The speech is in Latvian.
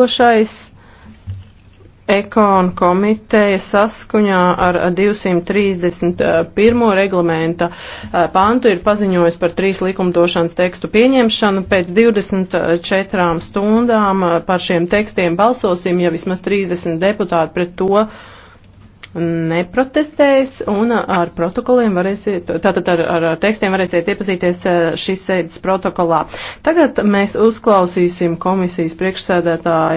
Tošais Ekonu komiteja saskuņā ar 231. reglamenta eh, pantu ir paziņojis par trīs likumdošanas tekstu pieņemšanu. Pēc 24 stundām eh, par šiem tekstiem balsosim, ja vismaz 30 deputāti pret to neprotestēs un ar protokoliem varēsiet, tātad ar, ar tekstiem varēsiet iepazīties eh, šīs sēdes protokolā. Tagad mēs uzklausīsim komisijas priekšsēdētāju.